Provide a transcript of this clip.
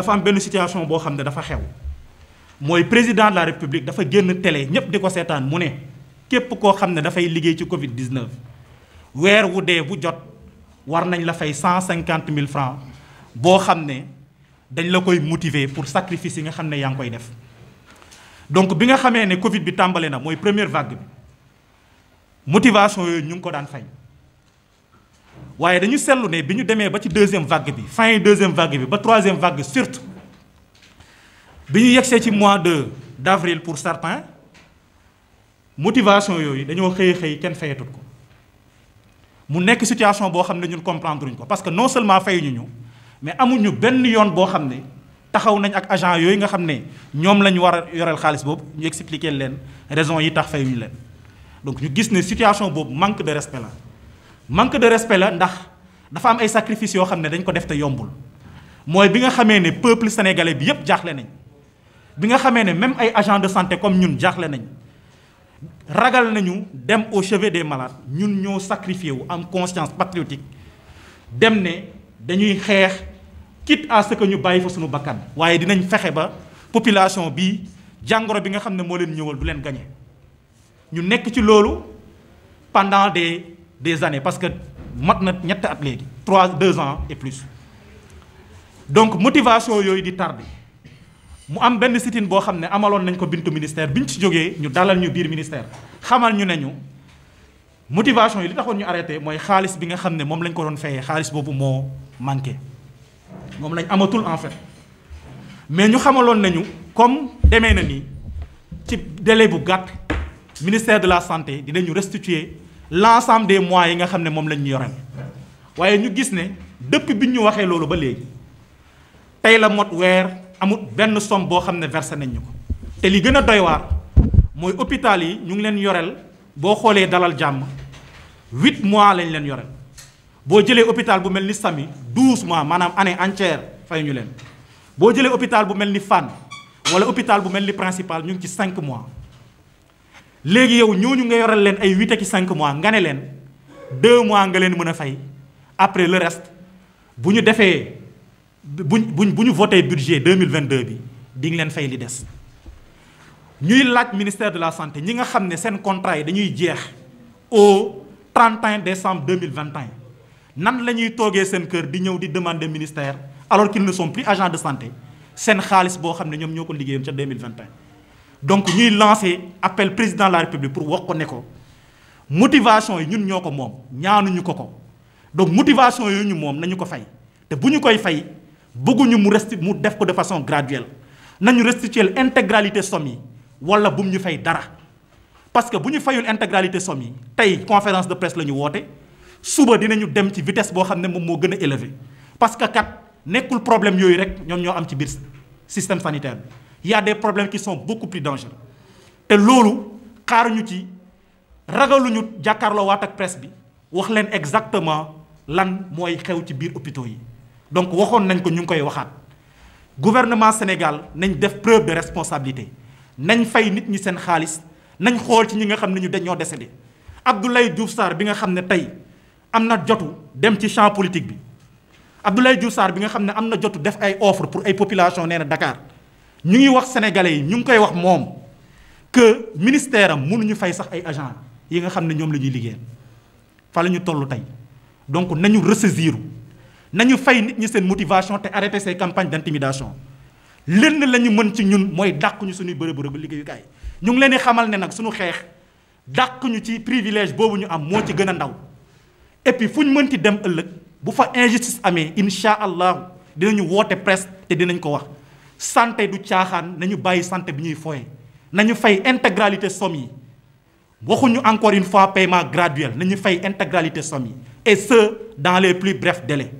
dafa am benn situation boo xam ne dafa xew président de la république dafa génn télé ñëpp di ko seetaan képp koo xam ne ci Covid 19 weer wu dee bu jot war nañ la fay 150 francs boo xam ne dañ la pour sacrifice yi nga xam ne koy def donc bi nga Covid bi est na première vague bi motivation yooyu ñu ngi ko waaye dañu seetlu ne bi ñu ba ci deuxième vague bi fin deuxième vague bi ba troisième vague surtout bi ñu yegsee ci mois de pour certains motivation yooyu dañoo xëy xëy kenn tout ko mu nekk situation comprendre parce que non seulement fayuñu ñu mais amuñu benn yoon boo xam taxaw nañ ak agent yooyu nga xam ne ñoom la ñu war a ñu expliquer leen raison yi tax fayuñu leen donc ñu gis ne situation manque de respect manque de respect la ndax dafa am ay sacrifices yoo xam ne dañ ko def te yombul mooy bi nga xamee ne peuple sénégalais bi yëpp jaaxle nañ bi nga xamee ne même ay agents de santé comme ñun jaaxle nañ ragal nañu dem au chevet des malades ñun ñoo sacrifié wu am conscience patriotique dem ne dañuy xeex quitte à ce que ñu bàyyi fa suñu bakkan waaye dinañ fexe ba population bi jangoro bi nga xam ne moo leen ñëwal du leen gañe ñu nekk ci loolu pendant des des années parce que mat il y at léegi trois deux ans et plus donc motivation yoy di tardi mu am ben sitin bo xam amalon nañ ko bintu ministère bi ci joggé ñu dalal ñu biir ministère xamal ñu ne motivation yi li taxone ñu arrêté moy xaalis bi nga xam mom lañ ko doon fayee xaalis bobu mo manqué mom lañ amatul en fait mais ñu xamaloon nañu comme demee na nii ci délai bu gatt ministère de la santé dinañu restituer l'ensemble des mois yi nga xam mom lañ ñu yoré waye ñu gis né depuis fait ñu waxé lolu ba que tay la mot weer amut benn somme bo xam versé nañ ñuko té li gëna doy war moy hôpital yi ñu ngi leen mois lañ leen yoreel hôpital bu melni mois manam année entière fay ñu leen bo hôpital bu hôpital bu principal ñu cinq mois nous yow ñooñu nga yoral leen ay mois nga ne leen mois nga après le reste bu ñu defee le budget 2022 bi di nga leen fay li des ñuy laaj ministère de la santé nous nga xam ne contrat yi dañuy jeex au 31 décembre 2021 nan la ñuy toogee seen di ñëw di demander ministère alors qu'ils ne sont plus agents de santé Nous avons boo xam ne ñoom 2021 donc ñuy lancer appel président de la république pour wax ko ne ko motivation yi ñun ñoko mom moom ñaanuñu ko ko donc motivation yooyu ñu mom nañu ko fay te buñu koy fay bëgguñu mu resti mu def ko de façon graduelle nañu restituer intégralité somme yi wala buñu fay dara parce que buñu fayul intégralité somme yi tay conférence de presse lañu woté woote suba dinañu dem ci vitesse bo xamné mom mo gëna élevé parce que kat nekul problème yoy rek ñom ñoo am ci bir système sanitaire il y a des problèmes qui sont beaucoup plus dangereux te loolu xaaruñu ci ragaluñu jàkkaarloo waat ak presse bi wax len exactement lan moy xew ci biir hôpitaux yi donc waxoon nañ ko ñu ngi koy waxat. gouvernement Sénégal nañ def preuve de responsabilité nañ fay nit ñi sen xaalis nañ xol ci ñi nga xam ñu dañoo décédé Abdoulaye Diouf Sar bi nga xam tay amna am jotu dem ci champ politique bi Abdoulaye Diouf Sar bi nga xam amna am jotu def ay offre pour ay population néna Dakar ñu ngi wax sénégalais yi ñu ngi koy wax moom que ministère am ñu fay sax ay agent yi nga xam ne ñoom la ñuy liggéeyal fa la ñu toll tey donc nañu ressaisir nañu fay nit ñi seen motivation te arrêté ces campagnes d' intimidation lenn la ñu mën ci ñun mooy dàq ñu suñuy bërëb bërëb liggéeyukaay ñu ngi leen di xamal ne nag suñu xeex dàq ñu ci privilège boobu ñu am moo ci gën a ndaw et fu ñu mënti dem ëllëg bu fa injustice amee incha allahu dinañu woote presse te dinañ ko wax. santé du caaxaan ñu bàyyi santé bi ñuy foye nañu fay intégralité somme yi waxuñu encore une fois paiement graduel nañu fay intégralité somme yi et ce dans les plus brefs délais